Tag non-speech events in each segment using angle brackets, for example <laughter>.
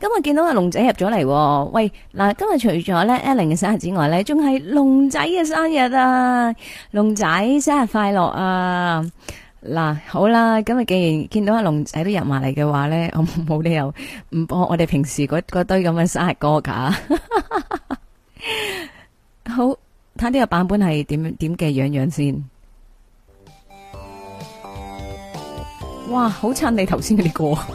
今日見到阿龍仔入咗嚟，喂，嗱，今日除咗咧 Allen 嘅生日之外咧，仲係龍仔嘅生日啊！龍仔生日快樂啊！嗱，好啦，今日既然見到阿龍仔都入埋嚟嘅話咧，我冇理由唔播我哋平時嗰嗰堆咁嘅生日歌噶，好睇下呢個版本係點點嘅樣樣先。哇，好襯你頭先嗰啲歌。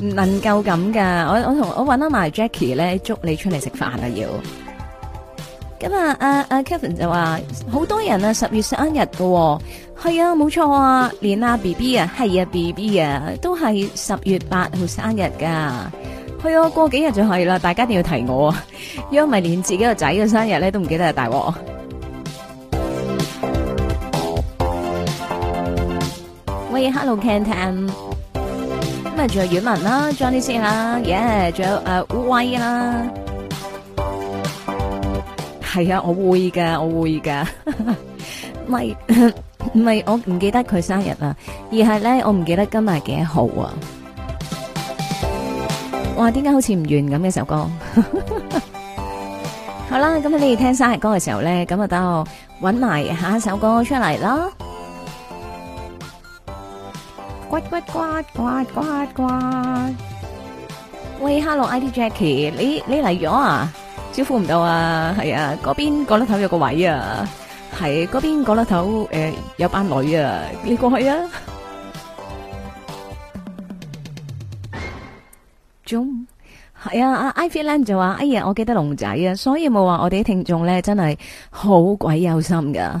唔 <laughs> 能夠咁噶，我我同我揾阿埋 Jackie 咧，捉你出嚟食飯啊要。咁啊啊啊，Kevin 就話好多人啊，十月生日噶、哦，係啊冇錯啊，連阿、啊、B B 啊，係啊 B B 啊，都係十月八號生日噶。係啊，過幾日就可以啦，大家一定要提我啊，如果唔係連自己個仔嘅生日咧都唔記得啊，大鑊。喂，Hello Canton。今日仲有阮文啦，Johnny 先啦，耶！仲、yeah, 有誒、呃、威啦、啊，係啊，我會嘅，我會嘅，咪唔係我唔記得佢生日啊，而係咧我唔記得今日係幾多號啊！哇，點解好似唔完咁嘅首歌？ <laughs> 好啦，咁你哋聽生日歌嘅時候咧，咁啊等我搵埋下一首歌出嚟啦。呱呱呱呱呱呱！喂，Hello，ID Jackie，你你嚟咗啊？招呼唔到啊，係啊，嗰邊角落頭有個位啊，係嗰邊角落頭誒有班女啊，你過去啊。仲係啊，阿 Ivy 就話：哎呀，我記得龍仔啊，所以冇話我哋啲聽眾咧，真係好鬼有心噶。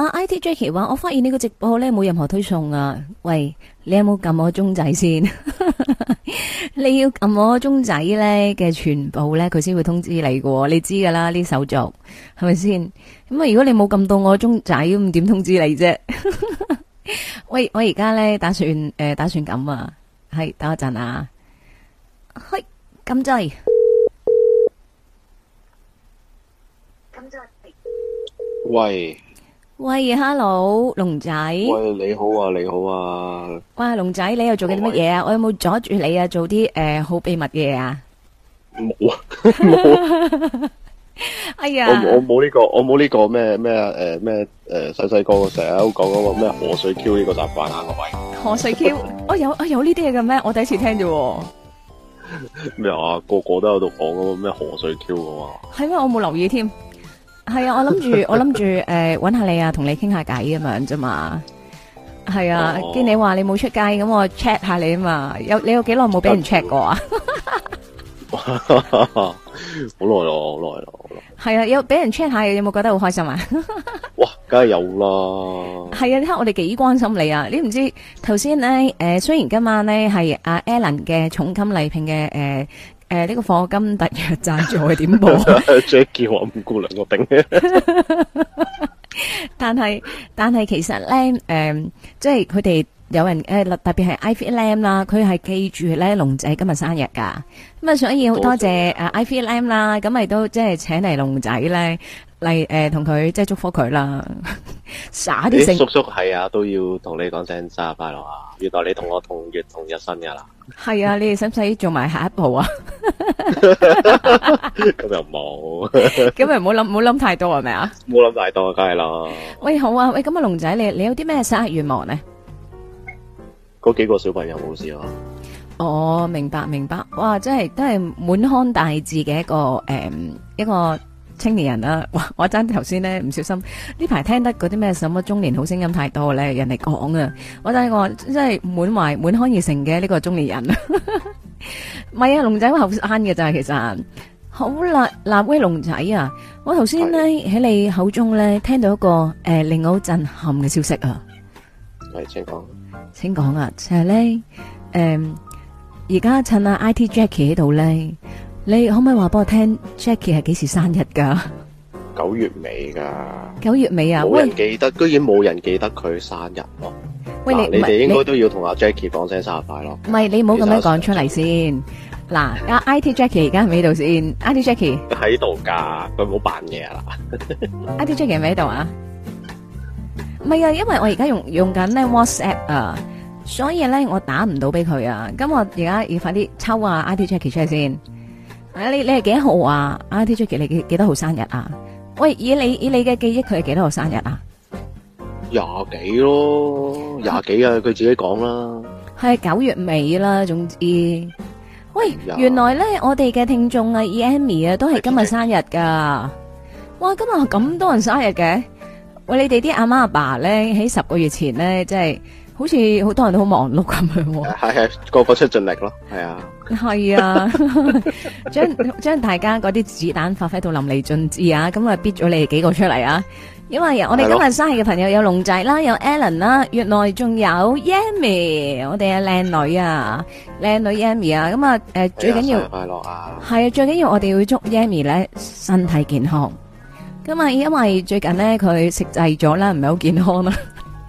啊、ah,！IT Jackie 話，我發現呢個直播咧冇任何推送啊！喂，你有冇撳我鐘仔先？ <laughs> 你要撳我鐘仔咧嘅全部咧，佢先會通知你嘅。你知噶啦，呢手續係咪先？咁啊，如果你冇撳到我鐘仔，咁點通知你啫？ <laughs> 喂，我而家咧打算誒、呃，打算咁啊，係等我一陣啊，開撳掣，撳掣，喂。喂，Hello，龍仔。喂，你好啊，你好啊。喂，龍仔，你又做緊啲乜嘢啊？喂我有冇阻住你啊？做啲誒、呃、好秘密嘅嘢啊？冇啊，冇。哎呀，我冇呢、呢個，我冇呢個咩咩啊？誒咩誒，細細個個成日都講嗰個咩河水 Q 呢個習慣啊，各位。河水 Q，我、 <laughs> 哦、有我有呢啲嘢嘅咩？我第一次聽啫。咩話、 <laughs> 啊？個個都喺度講嗰個咩河水 Q 嘅嘛、啊？係咩？我冇留意添。係 <laughs> 啊，我諗住我諗住誒，搵、呃、下你啊，同你傾下偈咁樣啫嘛。係啊，oh. 見你話你冇出街，咁我 check 下你啊嘛。有你有幾耐冇俾人 check 過啊？好耐咯，好耐咯，係啊，有俾人 check 下，有冇覺得好開心啊？ <laughs> 哇，梗係有啦。係啊，你睇我哋幾關心你啊。你唔知頭先咧，誒、呃，雖然今晚咧係阿 Allen 嘅重金禮聘嘅誒。呃誒，呢、呃這個課金特約贊助係點播 j a c k 唔過兩個頂。但係但係其實咧，誒、呃，即係佢哋有人誒、呃，特別係 IFLAM 啦，佢係記住咧龍仔今日生日噶，咁啊，所以好、啊、多謝誒 IFLAM 啦，咁咪都即係請嚟龍仔咧。嚟誒，同佢即係祝福佢啦，撒啲星叔叔係啊，都要同你講聲生日快樂啊！原來你同我同月同日生日啦，係啊！你哋使唔使做埋下一步啊？咁又冇，咁咪唔好諗，唔好諗太多係咪啊？冇諗太多，梗係啦。喂，好啊！喂，咁啊，龍仔，你你有啲咩生日願望咧？嗰幾個小朋友冇事啊！哦，明白明白，哇！真係都係滿腔大志嘅一個誒一個。青年人啊，我爭頭先咧唔小心呢排聽得嗰啲咩什麼中年好聲音太多咧，人嚟講啊，我真係我真係滿懷滿腔熱誠嘅呢個中年人，唔係啊，龍仔好後生嘅咋，其實好啦，嗱威龍仔啊，我頭先咧喺你口中咧聽到一個誒令我好震撼嘅消息啊，係請講，請講啊，就係咧，誒而家趁阿 IT Jackie 喺度咧。你可唔可以話俾我聽 Jackie 係幾時生日噶？九月尾噶。九月尾啊！冇人記得，居然冇人記得佢生日咯。喂，你你哋應該都要同阿 Jackie 講聲生日快樂。唔係你唔好咁樣講出嚟先。嗱，阿 IT Jackie 而家喺度先。IT Jackie 喺度噶，佢唔好扮嘢啦。IT Jackie 喺度啊？唔係啊，因為我而家用用緊咧 WhatsApp 啊，所以咧我打唔到俾佢啊。咁我而家要快啲抽啊 IT Jackie 出嚟先。啊！你你係幾號啊？啊，T J 幾幾幾多號生日啊？喂，以你以你嘅記憶，佢係幾多號生日啊？廿幾咯，廿、嗯、幾啊！佢自己講啦。係九月尾啦，總之。喂，哎、呀原來咧，我哋嘅聽眾啊，Emmy 啊，哎、呀都係今日生日噶。哎、呀哇，今日咁多人生日嘅？喂、哎呀，你哋啲阿媽阿爸咧，喺十個月前咧，即係好似好多人都好忙碌咁樣。係係個個出盡力咯，係啊。係 <laughs> <laughs> <laughs> 啊，將將大家嗰啲子彈發揮到淋漓盡致啊！咁啊，逼咗你哋幾個出嚟啊！因為我哋今日生日嘅朋友有龍仔啦，有 Allen 啦，月內仲有 Yamy，我哋嘅靚女啊，靚女 Yamy 啊！咁啊，誒，最緊要快樂啊！係啊，最緊要、哎啊啊、要我哋要祝 Yamy 咧，身體健康，咁啊，因為最近咧佢食滯咗啦，唔係好健康啊。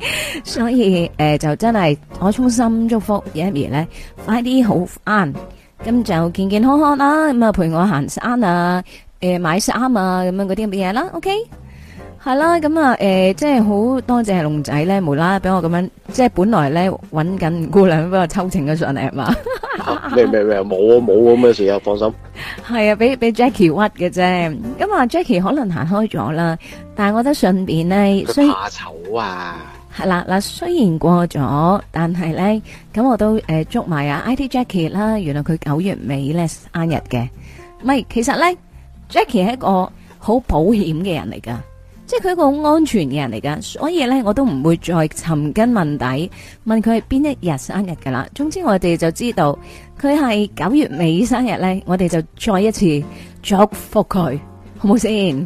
<laughs> 所以誒、呃，就真係我衷心祝福 Yamie 咧，快啲好返，咁就健健康康啦，咁啊陪我行山啊，誒、呃、買衫啊，咁樣嗰啲咁嘅嘢啦。OK，係啦，咁啊誒，即係好多謝係龍仔咧，無啦啦俾我咁樣，即係本來咧搵緊姑娘俾我抽情嘅信嚟係嘛？咩咩咩，冇冇咁嘅事啊，放心。係啊，俾俾 Jackie 屈嘅啫。咁啊，Jackie 可能行開咗啦，但係我覺得順便咧，所以怕醜啊。係啦，嗱，雖然過咗，但係咧，咁我都誒捉、呃、埋啊，IT Jackie 啦，原來佢九月尾咧生日嘅。唔係，其實咧，Jackie 係一個好保險嘅人嚟噶，即係佢一個好安全嘅人嚟噶，所以咧我都唔會再尋根問底，問佢係邊一日生日噶啦。總之我哋就知道佢係九月尾生日咧，我哋就再一次祝福佢，好唔好先？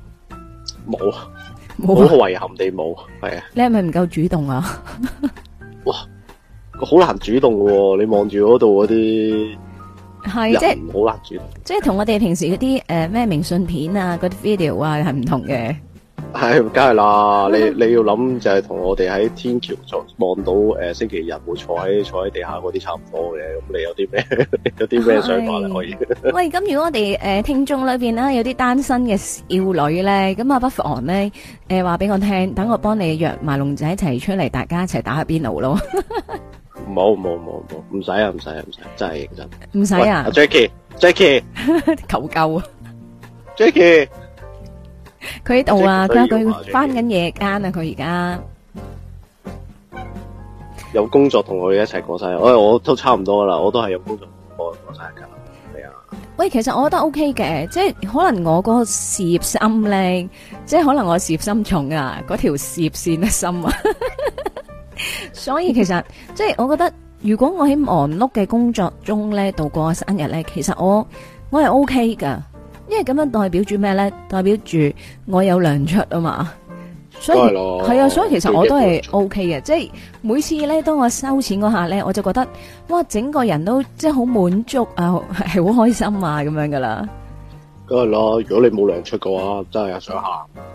冇，啊，冇好遺憾地冇，係啊！你係咪唔夠主動啊？ <laughs> 哇，我好難主動嘅，你望住嗰度嗰啲係啊，即係好難主動，即係同我哋平時嗰啲誒咩明信片啊、嗰啲 video 啊係唔同嘅。係，梗係啦。你你要諗就係同我哋喺天橋坐望到誒，星期日會坐喺坐喺地下嗰啲差唔多嘅。咁你有啲咩有啲咩想法可以？喂，咁如果我哋誒聽眾裏邊咧有啲單身嘅少女咧，咁啊不妨咧誒，話俾我聽，等我幫你約埋龍仔一齊出嚟，大家一齊打下邊爐咯。冇冇冇冇，唔使啊，唔使啊，唔使，真係認真。唔使啊，Jackie，Jackie，求救啊，Jackie。佢喺度啊！佢佢翻緊夜間啊！佢而家有工作同佢一齊過生日，我我都差唔多啦，我都係有工作過過生日噶。係啊，喂，其實我覺得 OK 嘅，即係可能我個事業心咧，即係可能我事業心重啊，嗰條事業線啊心啊，所以其實即係我覺得，如果我喺忙碌嘅工作中咧度過生日咧，其實我我係 OK 噶。因為咁樣代表住咩咧？代表住我有糧出啊嘛，所以係囉，係啊，所以其實我都係 OK 嘅，即係每次咧，當我收錢嗰下咧，我就覺得哇，整個人都即係好滿足啊，係好開心啊咁樣噶啦。梗係咯，如果你冇糧出嘅話，真係想喊。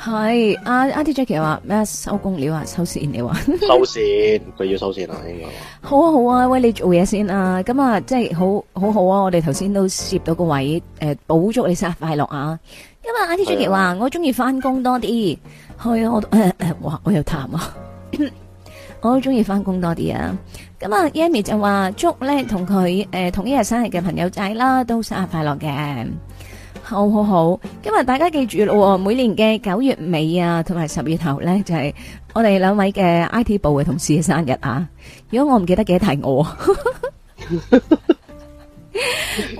係、啊，阿阿 Jackie 話咩？收工料啊，收線你話？收線，佢 <laughs> 要收線啦，應該。好啊，好啊，喂，你做嘢先啊！咁啊，即係好好好啊！我哋頭先都攝到個位，誒、呃，補祝你生日快樂啊！因為阿 Jackie 話，我中意翻工多啲，去、啊、我誒、呃、哇，我又淡啊！ <laughs> 我中意翻工多啲啊！咁 <laughs> 啊，Yami 就話祝咧同佢誒同一日生日嘅朋友仔啦，都生日快樂嘅。好好好，今日大家記住咯，每年嘅九月尾啊，同埋十月頭咧，就係我哋兩位嘅 IT 部嘅同事嘅生日啊！如果我唔記得記得提我，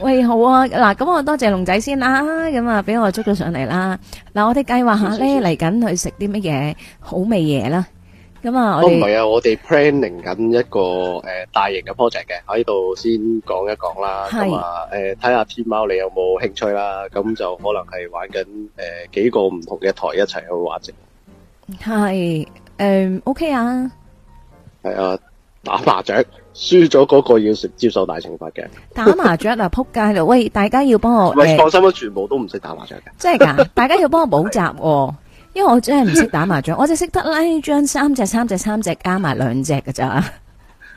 喂，好啊，嗱，咁我多謝龍仔先啦，咁啊，俾我捉咗上嚟啦，嗱，我哋計劃下咧，嚟緊去食啲乜嘢好味嘢啦。咁啊，都唔係啊！我哋 planning 緊一個誒、呃、大型嘅 project 嘅，喺度先講一講啦。咁是啊，誒睇下天喵你有冇興趣啦。咁、啊、就可能係玩緊誒、呃、幾個唔同嘅台一齊去玩嘅。係誒、呃、OK 啊。係啊，打麻雀輸咗嗰個要接受大懲罰嘅。打麻雀啊，扑街嚟！喂，大家要幫我喂放是、欸、心啦，全部都唔識打麻雀嘅。真係噶，大家要幫我補習喎。 <laughs> 因為我真係唔識打麻雀， <laughs> 我就識得拉張三隻、三隻、三隻加埋兩隻嘅咋。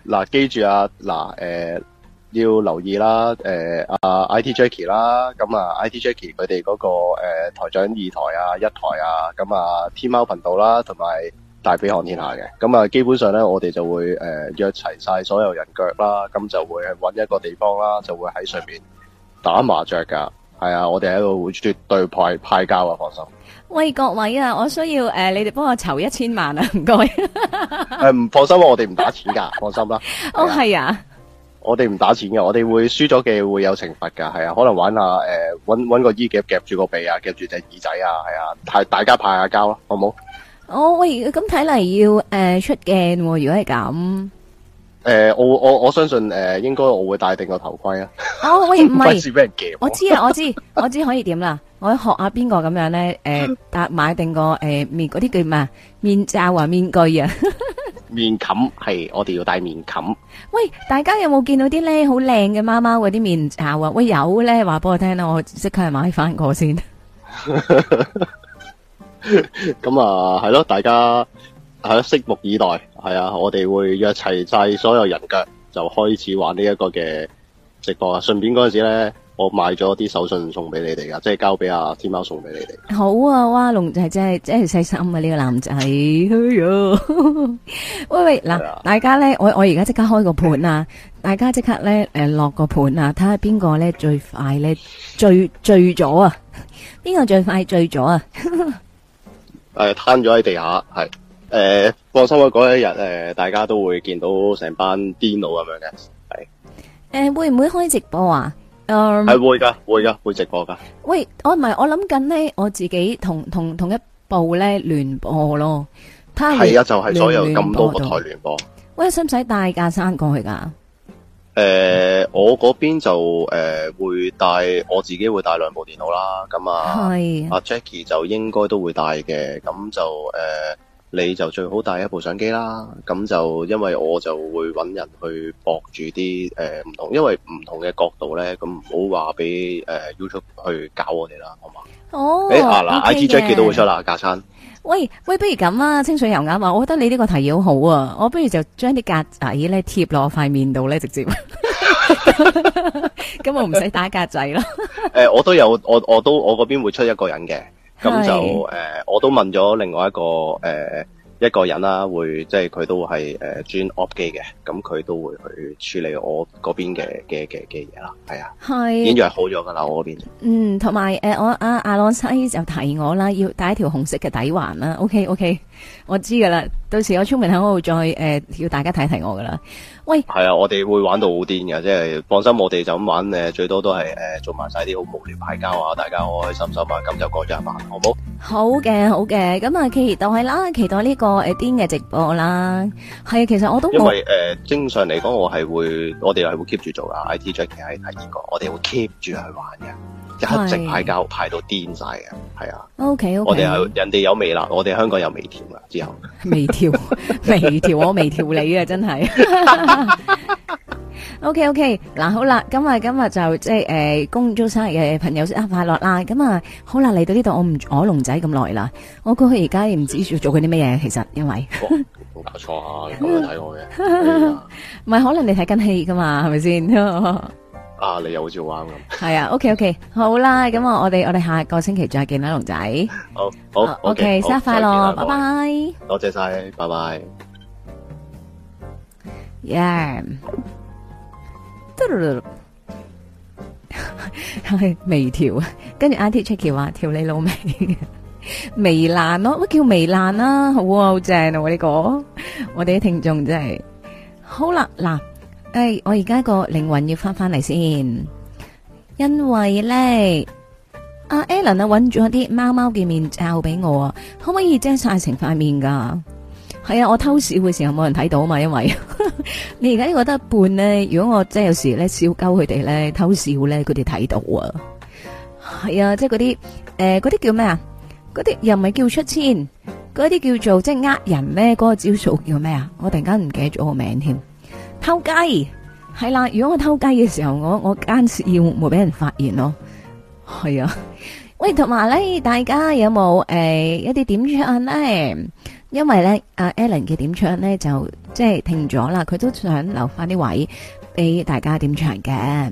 嗱，記住啊，嗱，誒、呃，要留意啦，誒、呃，阿、啊、IT Jackie 啦，咁啊，IT Jackie 佢哋嗰個誒、呃、台長二台啊、一台啊，咁啊，天貓頻道啦同埋大飛看天下嘅，咁啊，基本上咧我哋就會誒、呃、約齊晒所有人腳啦，咁就會搵一個地方啦，就會喺上面打麻雀噶，係啊，我哋喺度會絕對派派交啊，放心。喂，各位啊，我需要誒、呃，你哋幫我籌一千萬啊，唔該。誒 <laughs> 呃，唔放心喎，我哋唔打錢噶，放心啦。哦，係啊，我哋唔打錢嘅，我哋會輸咗嘅會有懲罰噶，係啊，可能玩下誒，搵、呃、搵個衣夾夾住個鼻夾個啊，夾住隻耳仔啊，係啊，係大家派下膠啊，好冇好？哦，喂，咁睇嚟要誒、呃、出鏡，如果係咁。誒、呃，我我我相信誒、呃，應該我會戴定個頭盔啊！哦，喂，唔係，我知啦，我知，我知可以點啦？我學下邊個咁樣咧？誒、呃，搭買定個誒面嗰啲叫咩？面罩啊，面具啊， <laughs> 面冚係我哋要戴面冚。喂，大家有冇見到啲咧好靚嘅貓貓嗰啲面罩啊？喂，有咧，話俾我聽啦，我即刻係買翻個先。咁 <laughs> 啊，係咯，大家係咯，拭目以待。係啊，我哋會約齊晒所有人腳，就開始玩呢一個嘅直播啊。順便嗰陣時咧，我買咗啲手信送俾你哋啊，即係交俾阿天貓送俾你哋。好啊，哇，龍仔真係真係細心啊！呢、這個男仔， <laughs> 喂喂，嗱、啊，大家咧，我我而家即刻開個盤啊，大家即刻咧，誒、呃、落個盤啊，睇下邊個咧最快咧醉醉咗啊？邊個最快醉咗啊？誒、 <laughs> 呃，攤咗喺地下，係。誒、呃，放心啦，嗰一日誒、呃，大家都會見到成班癲佬咁樣嘅，係誒、呃，會唔會開直播啊？誒，係會噶，會噶，會直播噶。喂，我唔係，我諗緊咧，我自己同同同一部咧聯播咯。係啊，就係、是、所有咁多個台聯播。喂，使唔使帶架生過去噶？誒、呃，我嗰邊就誒、呃、會帶，我自己會帶兩部電腦啦。咁啊，阿 Jacky 就應該都會帶嘅。咁就誒。呃你就最好帶一部相機啦，咁就因為我就會搵人去搏住啲誒唔同，因為唔同嘅角度咧，咁唔好話俾誒 YouTube 去搞我哋啦，好嘛？哦，誒啊嗱，I G Jack 幾多會出啦，架生？喂喂，不如咁啊，清水油眼話，我覺得你呢個提議好好啊，我不如就將啲格仔咧貼落塊面度咧，直接，咁我唔使打格仔咯。誒、 <laughs> 呃，我都有，我我都我嗰邊會出一個人嘅。咁就誒、呃，我都問咗另外一個誒、呃、一個人啦、啊，會即係佢都係誒、呃、專 OP 機嘅，咁佢都會去處理我嗰邊嘅嘅嘅嘅嘢啦，係啊，係是，已經約好咗㗎啦，我嗰邊。嗯，同埋誒，我阿、啊、阿朗西就提我啦，要戴一條紅色嘅底環啦，OK OK。我知噶啦，到時我出面喺嗰度再誒叫、呃、大家睇睇我噶啦。喂，係啊，我哋會玩到好癲嘅，即係放心，我哋就咁玩誒，最多都係誒、呃、做埋晒啲好無聊牌膠啊，大家開開心心啊，咁就過咗一晚，好唔好？好嘅，好嘅，咁啊期待啦，期待呢、這個誒癲嘅直播啦。係啊，其實我都因為誒、呃、正常嚟講，我係會我哋係會 keep 住做啊。I T j 喺第二個，我哋會 keep 住去玩嘅，一直牌膠排到癲晒嘅，係是啊。O K O K，我哋人哋有微辣，我哋香港有微甜。之後微調，微調我微調你啊，真係。OK OK 嗱，好啦，今日今日就即係誒，恭祝生日嘅朋友啊，快樂啦。咁啊，好啦，嚟到呢度我唔我龍仔咁耐啦。我估佢而家唔知做做緊啲咩嘢，其實因為冇搞錯啊，佢睇我嘅，唔係可能你睇緊戲㗎嘛，係咪先？啊，你又好似好玩咁。係啊，OK OK，好啦，咁啊，我哋我哋下個星期再見啦，龍仔。好，好，OK，生日快樂，拜拜。多謝晒，拜拜。呀，係微調，跟住阿 T check 話調你老味，微爛咯，乜叫微爛啦？好啊，好正啊，我呢個我哋啲聽眾真係。好啦，嗱。誒、哎，我而家個靈魂要翻翻嚟先，因為咧阿 Alan 啊，搵咗啲貓貓嘅面罩俾我啊，可唔可以遮晒成塊面噶？係啊，我偷笑嘅時候冇人睇到啊嘛，因為 <laughs> 你而家覺得一半咧，如果我即係有時咧笑鳩佢哋咧偷笑咧，佢哋睇到啊，係啊，即係嗰啲誒，嗰、呃、啲叫咩啊？嗰啲又唔係叫出千，嗰啲叫做即係呃人咩？嗰、那個招數叫咩啊？我突然間唔記得咗個名添。偷雞係啦，如果我偷雞嘅時候，我我間要冇俾人發現咯，係啊。喂，同埋咧，大家有冇誒一啲點唱咧？因為咧阿、啊、Allen 嘅點唱咧就即係停咗啦，佢都想留翻啲位俾大家點唱嘅。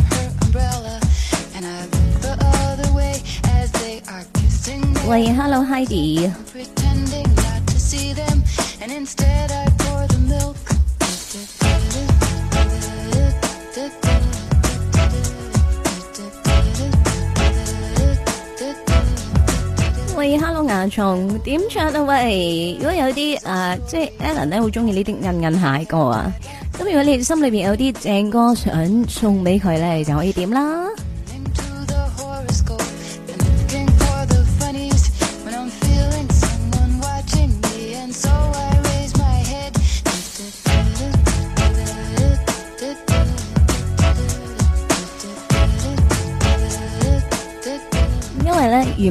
喂，Hello Heidi。喂，Hello 牙蟲，點唱啊？喂，如果有啲、呃、即係 Allen 咧，好中意呢啲 UN UN 鞋歌啊，咁如果你心裏邊有啲正歌想送俾佢咧，就可以點啦。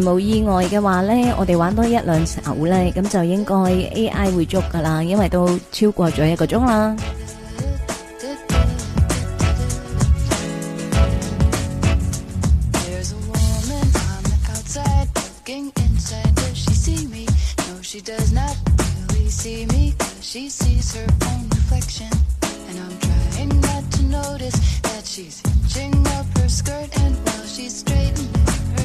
冇意外嘅話呢，我哋玩多一兩手咧，咁就應該 AI 會捉噶啦，因為都超過咗一個鐘啦。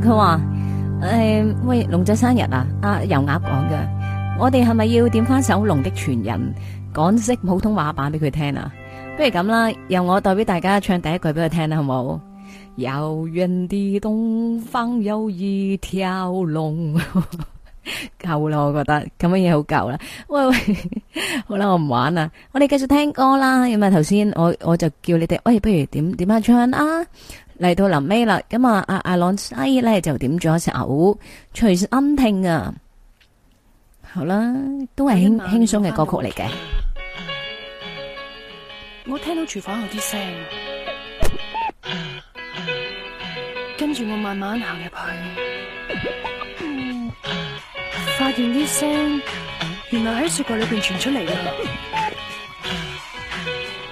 佢話誒，喂，龍仔生日啊！阿、啊、油鴨講嘅，我哋係咪要點翻首《龍的傳人》港式普通話版俾佢聽啊？不如咁啦，由我代表大家唱第一句俾佢聽啦，好唔好？遙遠的東方有一條龍，夠啦，我覺得咁樣嘢好夠啦。喂，喂，好啦，我唔玩啦，我哋繼續聽歌啦。咁啊，頭先我我就叫你哋，喂，不如點點樣唱啊！嚟到臨尾啦，咁啊阿阿朗西咧就點咗隻牛，隨時啱聽啊，好啦，都係輕輕鬆嘅歌曲嚟嘅。 <music> 我聽到廚房有啲聲，跟住我慢慢行入去，嗯，發現啲聲原來喺雪櫃裏邊傳出嚟嘅，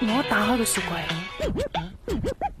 我一打開個雪櫃。 <music>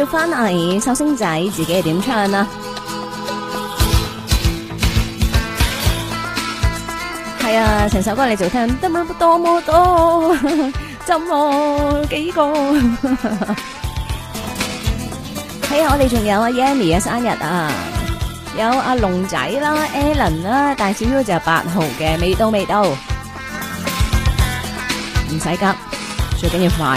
要翻嚟，壽星仔自己係點唱啊？係啊、嗯，成對首歌你做聽，多麼多，怎麼幾個？睇下 <laughs> <laughs> 我哋仲有阿 Yami 嘅生日啊，有阿龍仔啦， <laughs> 啦，Allen 啦，大少少就係八號嘅，未到未到，唔使急，最緊要快。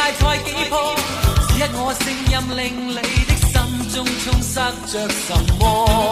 聲音令你的心中充塞着什麼？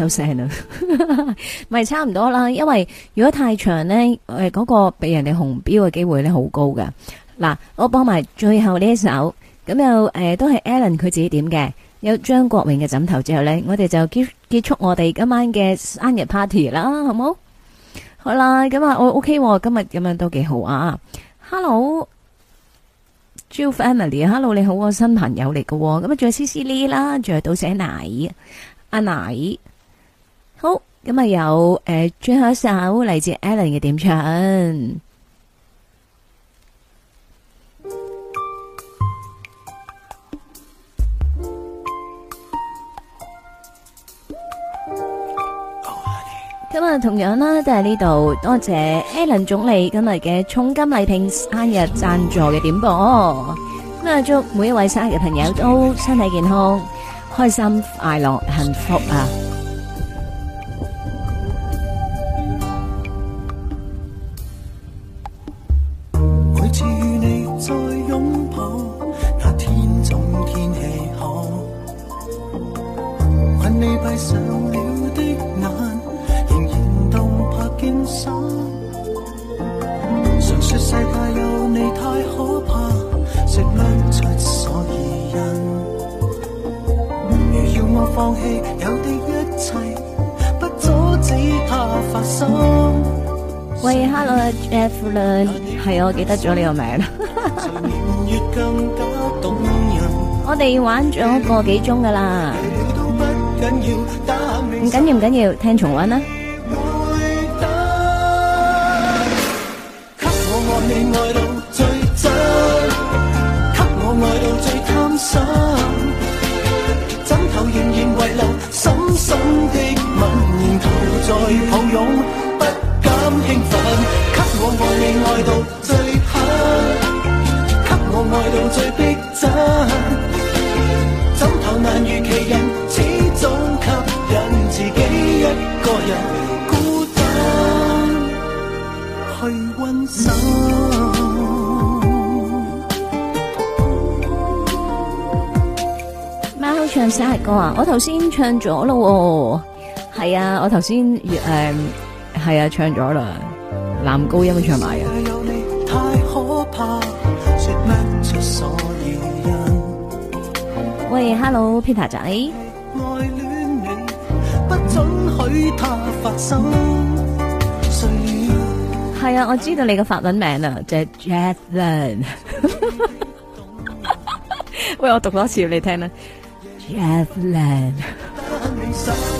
收聲咪差唔多啦，因為如果太長咧，誒、呃、嗰、那個俾人哋紅標嘅機會咧好高㗎。嗱，我幫埋最後呢一首，咁又誒、呃、都係 Alan 佢自己點嘅，有張國榮嘅枕頭之後咧，我哋就結結束我哋今晚嘅生日 party 啦，好冇？好啦，咁啊我 OK，今日咁樣都幾好啊。Hello，Julie family，Hello 你好我新朋友嚟喎。咁啊仲有 CC Lee 啦，仲有到寫奶阿奶。啊奶好，今日有誒最後一首嚟自 Allen 嘅點唱。咁啊，同樣啦，都係呢度多謝 Allen 總理今日嘅重金禮聘生日贊助嘅點播。咁啊，祝每一位生日嘅朋友都身體健康、開心、快樂、幸福啊！喂，Hello，Jeffrey，係我記得咗你個名。我哋玩咗個幾鐘噶啦，唔緊要，唔緊要，聽重溫啊。 <laughs> 好愛愛唱生日歌啊！我頭先唱咗咯。係啊，我頭先，誒、嗯，係啊，唱咗啦，男高音唱埋嘅。喂，Hello，Peter 仔。係啊，我知道你個法文名啊，就係、j a z l i n e <laughs> 喂，我讀多一次畀你聽耶啊 j a s l i n e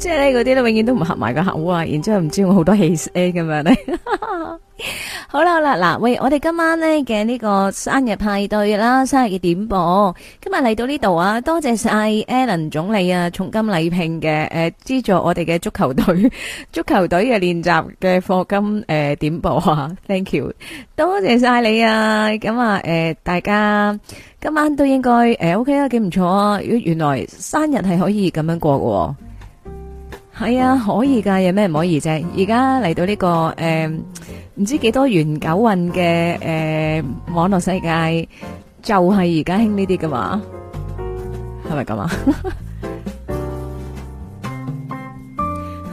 即係咧，嗰啲咧永遠都唔合埋個口啊！然之後唔知我好多氣誒咁樣咧。好啦好啦，嗱喂，我哋今晚咧嘅呢個生日派對啦，生日嘅點播，今日嚟到呢度啊，多謝晒 Allen 總理啊，重金禮聘嘅誒資助我哋嘅足球隊，足球隊嘅練習嘅課金誒點播啊，Thank you，多謝晒你啊！咁啊誒，大家今晚都應該誒 OK 啦，幾唔錯啊！原原來生日係可以咁樣過嘅。係啊，可以噶，有咩唔可以啫？而家嚟到呢個誒，唔知幾多元九運嘅誒網絡世界，就係而家興呢啲噶嘛？係咪咁啊？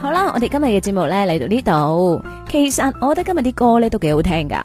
<laughs> 好啦，我哋今日嘅節目咧嚟到呢度，其實我覺得今日啲歌咧都幾好聽噶。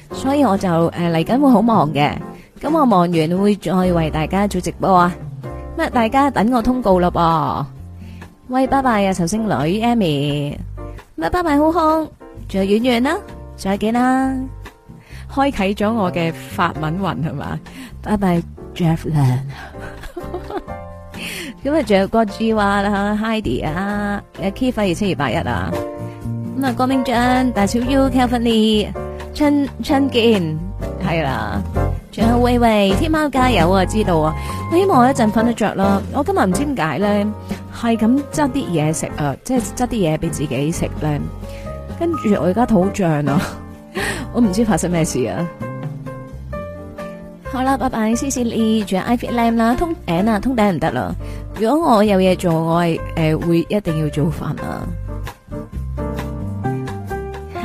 所以我就誒嚟緊會好忙嘅，咁我忙完會再為大家做直播啊！乜大家等我通告咯噃，喂，拜拜啊，壽星女 Amy，乜拜拜好康，仲有遠遠啦，再見啦，開啟咗我嘅法文云係咪，拜拜 Jeffrey，咁啊仲有郭志華啊，Heidi 啊，誒 K 費七月八日啊，咁啊郭明章、大小 U，Calvin。春春健係啦，仲有喂喂，天喵加油啊！知道啊，我希望我一陣瞓得着啦。我今日唔知點解咧，係咁執啲嘢食啊，即係執啲嘢俾自己食咧，啊。跟住我而家肚好脹啊， <laughs> 我唔知發生咩事啊。好啦，拜拜，C C E，仲有 I p V M 啦，通頂啊，通頂唔得啦。如果我有嘢做，我係誒會、呃、一定要做飯啊。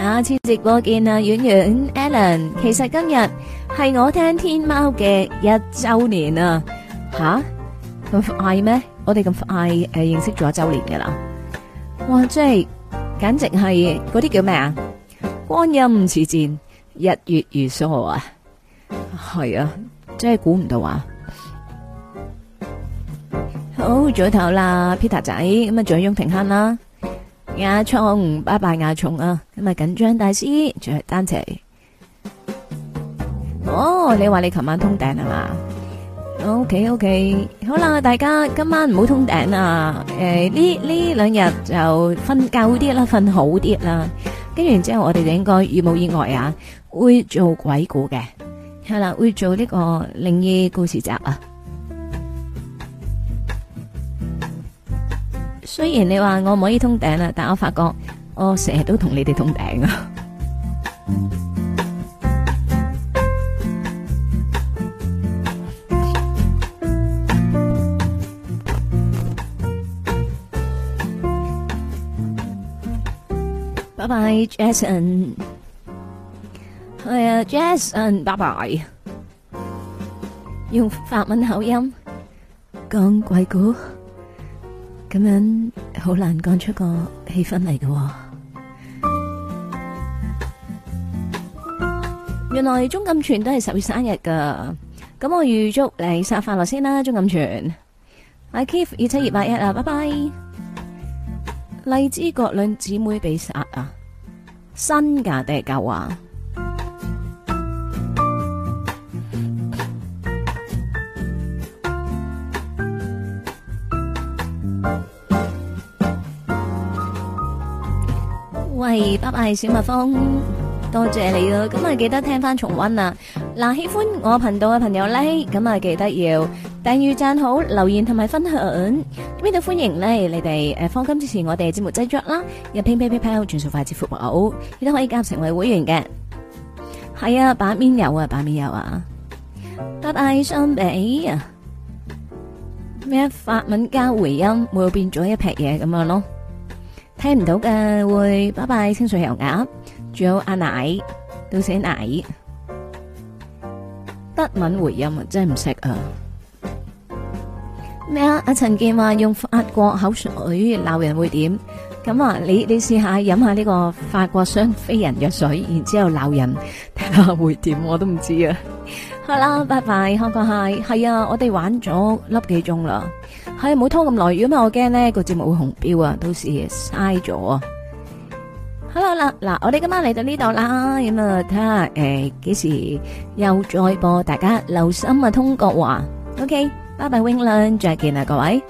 下次直播見啊，演員 Allen。其實今日係我聽天喵嘅一周年啊，吓？咁快咩？我哋咁快誒認識咗一周年嘅啦，哇！即係簡直係嗰啲叫咩啊？光陰似箭，日月如梭啊！係啊，真係估唔到啊！好早唞啦，Peter 仔咁啊，仲有楊廷鏗啦。亞聰唔拜拜亞聰啊！今日緊張大師仲係單詞哦，你話你琴晚通頂係嘛？OK OK，好啦，大家今晚唔好通頂啊！誒、欸，呢呢兩日就瞓夠啲啦，瞓好啲啦。跟住之後我們，我哋就應該，意唔意外啊，會做鬼故嘅。係啦，會做呢個靈異故事集啊。雖然你話我唔可以通頂啦，但我發覺我成日都同你哋通頂啊！拜拜，Jason。係啊，Jason，拜拜。用法文口音講鬼故。咁樣好難講出個氣氛嚟嘅。原來鍾錦泉都係十月三日噶，咁我預祝你生日快樂先啦，鍾錦泉。阿 Keith 二七二八一啊，拜拜。荔枝角兩姊妹被殺啊，新噶定係舊啊？係，拜拜，小蜜蜂，多謝你咯。咁啊，記得聽返重溫啦。嗱、啊，喜歡我頻道嘅朋友咧，咁啊，記得要訂閱、讚好、留言同埋分享。邊度歡迎咧？你哋誒、啊，放心支持我哋節目製作啦。pay pal 全數快捷復活亦都可以加入成為會員嘅。係啊，版面有啊，版面有啊。拜拜，相比啊，咩法文加回音，會變咗一撇嘢咁樣咯。聽唔到嘅會，拜拜，清水油鴨，仲有阿奶，到時奶，德文回音真係唔識啊！咩啊？阿陳健話用法國口水鬧人會點？咁啊，你你試下飲下呢個法國雙飛人藥水，然之後鬧人睇下會點，我都唔知啊，好啦，拜拜，好乖，係啊，我哋玩咗粒幾鐘啦。係唔好拖咁耐，如果唔係，我驚咧個節目會紅標啊，到時嘥咗啊。Hello 啦，嗱，我哋今晚嚟到呢度啦，咁啊睇下誒，幾時又再播？大家留心啊，通國話。OK，拜拜，Wingland，再見啊，各位。